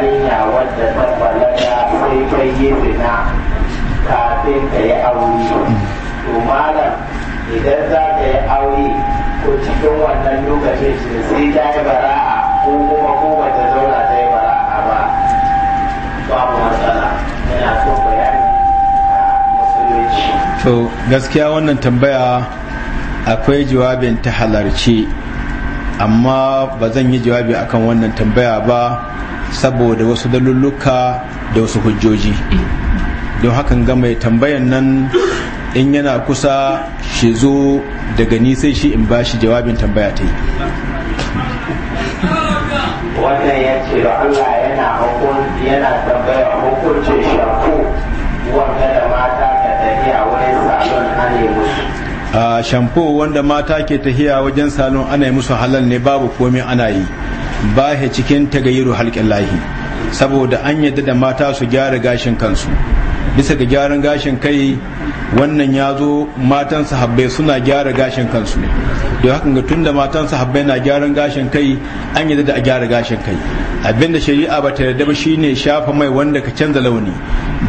yarinya wadda ta balaga sai kai yi zina kafin ka yi aure to malam idan za ka yi aure ko cikin wannan lokacin shi sai ta yi bara'a ko kuma ko ba ta zauna ta yi bara'a ba babu matsala yana son bayani musulunci to gaskiya wannan tambaya akwai jawabin ta halarci amma ba zan yi jawabi akan wannan tambaya ba saboda wasu dalulluka da wasu hujjoji don hakan ga mai tambayan nan in yana kusa shi zo daga ni sai shi in bashi jawabin tambaya ta yi wannan ya ce da Allah yana yana tambaya hukuncin shampoo wanda da mata ka tafiya wajen salon ana musu a shampo wanda mata ke tafiya wajen salon ana yi musu halal ne babu komai ana yi ba ya cikin tagayiru halƙin lahi saboda an yadda da mata su gyara gashin kansu bisa ga gyaran gashin kai wannan ya zo matan sahabbai suna gyara gashin kansu don hakan ga da matan sahabbai na gyaran gashin kai an yadda da a gyara gashin kai abinda shari'a ba ta yarda ba shine shafa mai wanda ka canza launi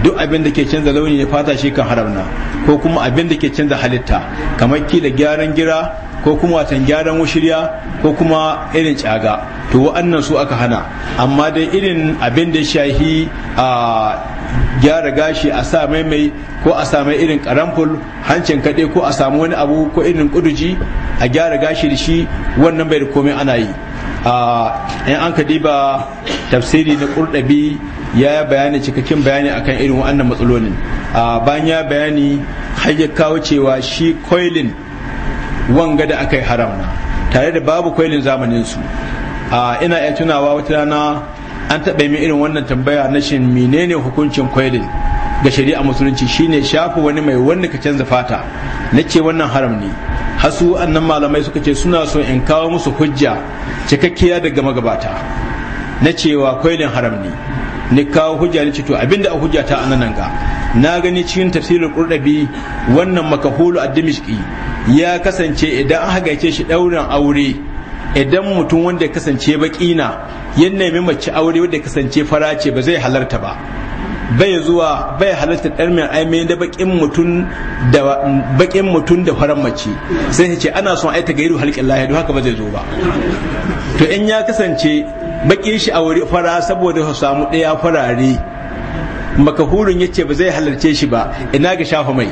duk abin ke canza launi ya fata shi kan haramna ko kuma abinda ke canza halitta kamar kila gyaran gira ko kuma watan gyaran shirya ko kuma irin caga to wa'annan su aka hana amma dai irin abin da shahi a gyara gashi a sa maimai ko a sa irin karamful hancin kaɗe ko a samu wani abu ko irin kuduji a gyara gashi da shi wannan bai da komai ana yi in an ka diba tafsiri na ƙurɗabi ya yi bayani cikakken bayani akan irin wa'annan matsalolin bayan ya bayani har ya kawo cewa shi koilin wanga da aka yi haram na tare da babu kwailin zamanin su a ina ya tunawa wata rana an taɓa min irin wannan tambaya na shin menene hukuncin kwailin ga shari'a musulunci shine shafa wani mai wanda ka canza fata na ce wannan haram ne hasu annan malamai suka ce suna so in kawo musu hujja cikakkiya daga magabata na cewa kwailin haram ne ni kawo hujja ni ce to abinda a hujja ta nan ga na gani cikin tafsirin qurdabi wannan makahulu addimishki ya kasance idan an hagaice shi ɗaurin aure idan mutum wanda ya kasance baƙi na ya nemi mace aure wanda ya kasance fara ce ba zai halarta ba bai zuwa bai halarta ɗarmin aime da baƙin mutum da baƙin mutum da farar mace sai ya ce ana son aita gairu halƙin lahi don haka ba zai zo ba to in ya kasance baƙin shi aure fara saboda su samu ɗaya farare makahurin ya ce ba zai halarce shi ba ina ga shafa mai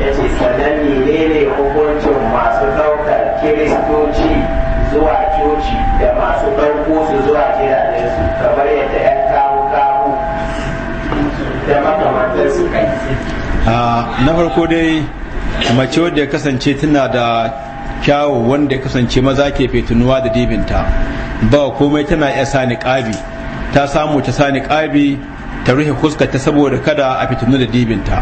ya ce sannan ne hukuncin masu ɗaukar kiristoci zuwa coci da masu ɗauko su zuwa gidajensu kamar yadda 'yan kawo kawo da makamantar su kai na farko dai mace wadda ya kasance tana da kyawu wanda ya kasance maza ke fitinuwa da dibinta ba komai tana iya sani ƙabi ta samu ta sani ƙabi ta rufe ta saboda kada a fitinu da dibinta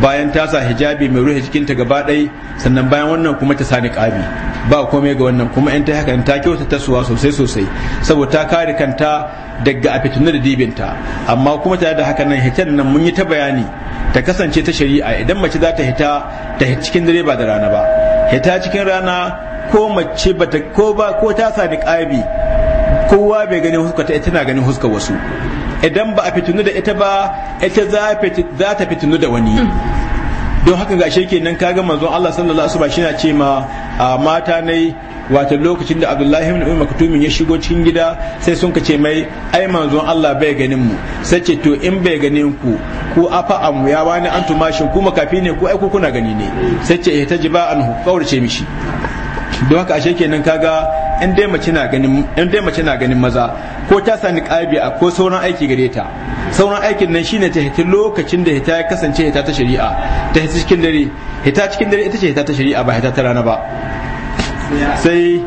bayan ta sa hijabi mai rufe jikinta gaba ɗai sannan bayan wannan kuma ta sani ƙabi ba komai ga wannan kuma in ta haka ta kyauta ta suwa sosai sosai saboda ta kare kanta daga a fitinu da dibinta amma kuma tare da haka nan hitan nan mun yi ta bayani ta kasance ta shari'a idan mace za ta hita ta cikin dare ba da rana ba hita cikin rana ko mace ko ko ta sani ƙabi kowa bai gani huskar ta tana ganin huskar wasu idan ba a fitinu da ita ba ita za ta fitinu da wani don haka ga shi kenan kaga manzon Allah sallallahu alaihi wasallam shine ce ma mata ne wato lokacin da Abdullahi ibn Umar Maktumin ya shigo cikin gida sai sun ce mai ai manzo Allah bai ganin mu sai ce to in bai ganin ku ku afa amu ya wani an shi ku makafi ne ku ai ku kuna gani ne sai ce eh, ta jiba anhu kaurace mishi don haka ashe kenan kaga in dai mace na ganin in dai mace na ganin maza ko ta sani niqabi a ko sauran aiki gare ta sauran aikin nan shine ta hita lokacin da hita ya kasance hita ta shari'a ta hita cikin dare hita cikin dare ita ce hita ta shari'a ba hita ta rana ba sai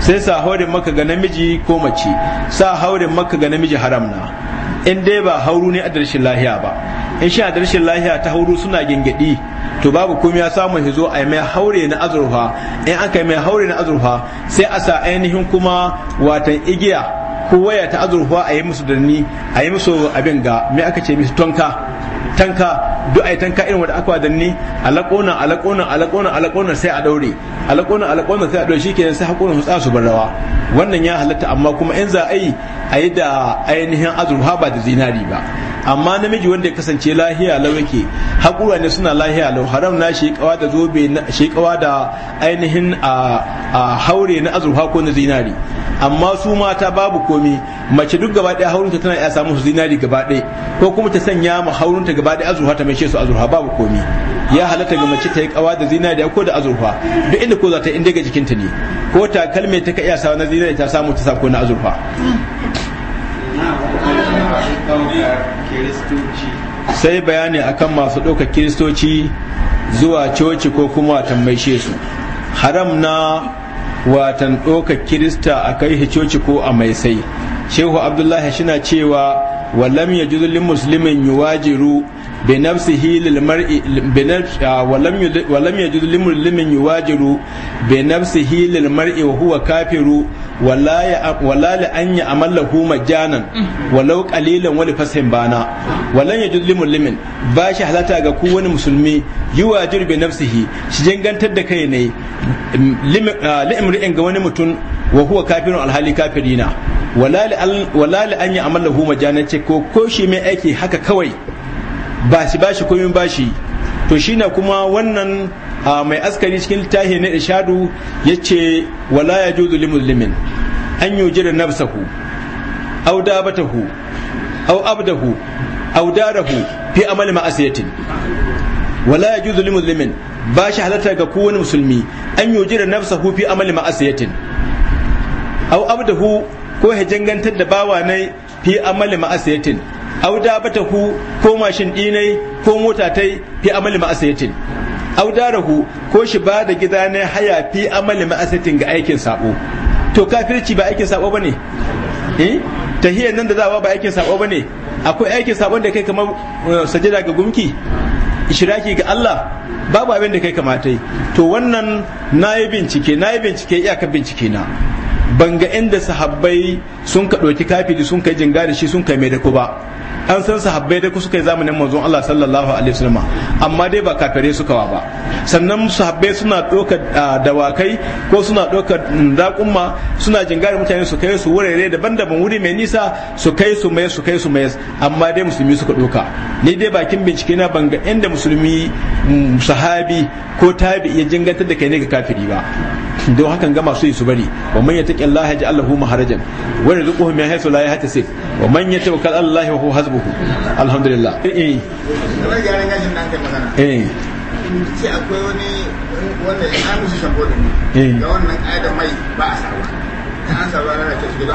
sai sa haurin maka ga namiji ko mace sa haurin maka ga namiji haram na in dai ba hauru ne a darshin lahiya ba in shi a darshin lahiya ta hauru suna gingadi to babu komai ya samu hizo a mai haure na azurfa in aka mai haure na azurfa sai a sa ainihin kuma watan igiya ko waya ta azurfa a yi musu danni a yi musu abin ga me aka ce musu tonka tanka duk ai tanka irin wanda aka danni alaqona alaqona alaqona alaqona sai a daure alaqona alaqona sai a daure shikenan sai hakuna su su barawa wannan ya halatta amma kuma in za a yi a yi da ainihin azurfa ba da zinari ba amma namiji wanda ya kasance lahiya lau yake haƙura ne suna lahiya lau haram na shekawa da zobe shekawa da ainihin a haure na azurfa ko na zinari amma su mata babu komi mace duk gaba ɗaya haurinta tana iya samun su zinari gaba ko kuma ta sanya ma haurinta gaba ɗaya azurfa ta mai su azurfa babu komi ya halatta ga mace ta yi kawa da zinari ko da azurfa duk inda ko za ta inda ga jikinta ne ko ta kalme ta ka iya sawa na zinari ta samu ta sa ko na azurfa sai bayani akan masu ɗaukar kiristoci zuwa coci ko kuma watan su haram na watan ɗaukar kirista a kai coci ko a mai sai shehu abdullahi shina cewa walam ya juzulin musulmin yuwajiru بنفسه للمرء بنفس ولم ولم يجوز لمسلم يواجر بنفسه للمرء وهو كافر ولا ولا لأن يعمل له مجانا ولو قليلا ولفسح بانا ولن يجوز لمسلم باش حالتا ga kowane musulmi yuwajir bi nafsihi shi jangantar da kai ne li'imri'in ah, ga wani mutum wa huwa kafirun alhali kafirina wala li an yi amalahu majanance ko ko shi mai aiki haka kawai ba shi ba shi komin ba shi to shi na kuma wannan mai askari cikin littafi na ishadu ya ce wala ya juzu li muslimin an yi jira nafsahu au dabatahu au abdahu au darahu fi amali ma'asiyatin wala ya juzu li muslimin ba shi halatta ga kowane musulmi an yi jira nafsahu fi amali ma'asiyatin au abdahu ko hajjangantar da bawa na fi amali ma'asiyatin bata ku ko mashin dinai ko mota tai fi amali ma'asaitin auda rahu ko shi ba da gida ne haya fi amali ma'asaitin ga aikin sabo to kafirci ba aikin sabo bane eh tahiyyan nan da zawa ba aikin sabo bane akwai aikin sabon da kai kamar eh, sajada ga gumki ishiraki ga Allah babu abin da kai kamata to wannan na yi bincike na yi bincike iyakan bincike na banga inda sahabbai sun ka ɗauki kafiri sun kai jinga da shi sun kai mai da ku ba an san sahabbai da ku suka yi zamanin manzon Allah sallallahu alaihi wasallam amma dai ba kafirai suka ba sannan sahabbai suna ɗaukar dawakai ko suna ɗaukar mm, raƙumma suna jinga mutane su kai su wurare daban-daban wuri mai nisa su kai su mai su kai su mai amma dai musulmi suka ɗauka ni dai bakin bincike na banga inda musulmi mm, sahabi ko tabi ya jingantar da kai ne ga kafiri ba don hakan ga masu yi su bari wa manyan yattaqi Allah yaj'al lahu maharajan wa yarzuquhu min haythu la yahtasib wa man yatawakkal ala Allah wa huwa hasbuhu alhamdulillah eh eh, eh. akwai wani wanda ya samu shi shago da ni eh. ga wannan mai ba a sawa ta an na ta shi ba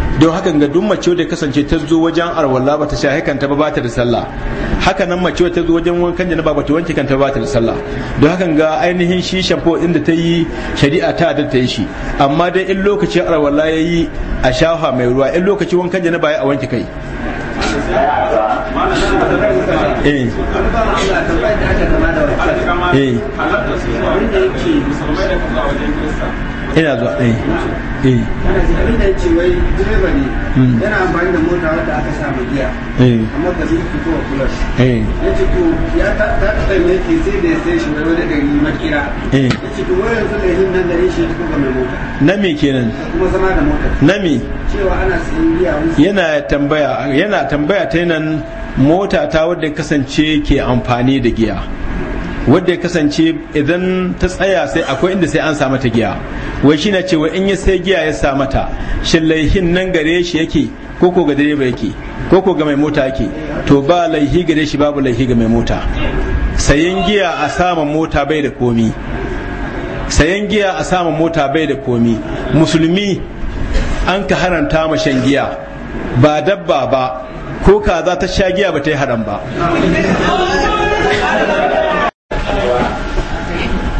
don hakan ga duk mace da kasance ta zo wajen arwalla ba ta sha ta ba ba ta da sallah haka nan mace ta zo wajen wankan na ba ta wanke ta ba ta da sallah don hakan ga ainihin shi shampo din da ta yi shari'a ta da ta yi shi amma dai in lokaci arwalla yi a shafa mai ruwa in kanji wankan ba ya a wanke kai eh eh ina zuwa eh direba ne yana amfani da mota wadda aka sa giya eh amma ba zai fito wa kulash eh yace to ya ta ta kai ne ke sai da sai shi wani dari eh yace eh. to yin nan da shi mota na me kenan kuma zama da mota na me cewa ana sayan giya yana tambaya yana tambaya ta nan mota ta wadda kasance ke amfani da giya wadda ya kasance idan ta tsaya sai akwai inda sai an sa mata giya wai shi na cewa in ya sai giya ya sa mata shin laihin nan gare shi yake ko ko ga direba yake ko ko ga mai mota yake to ba laihi gare shi babu laihi ga mai mota sayan giya a saman mota bai da komi sayan giya a saman mota bai da komi musulmi an ka haranta ma shan giya ba dabba ba ko kaza ta sha giya ba ta yi haram ba อะไรวะ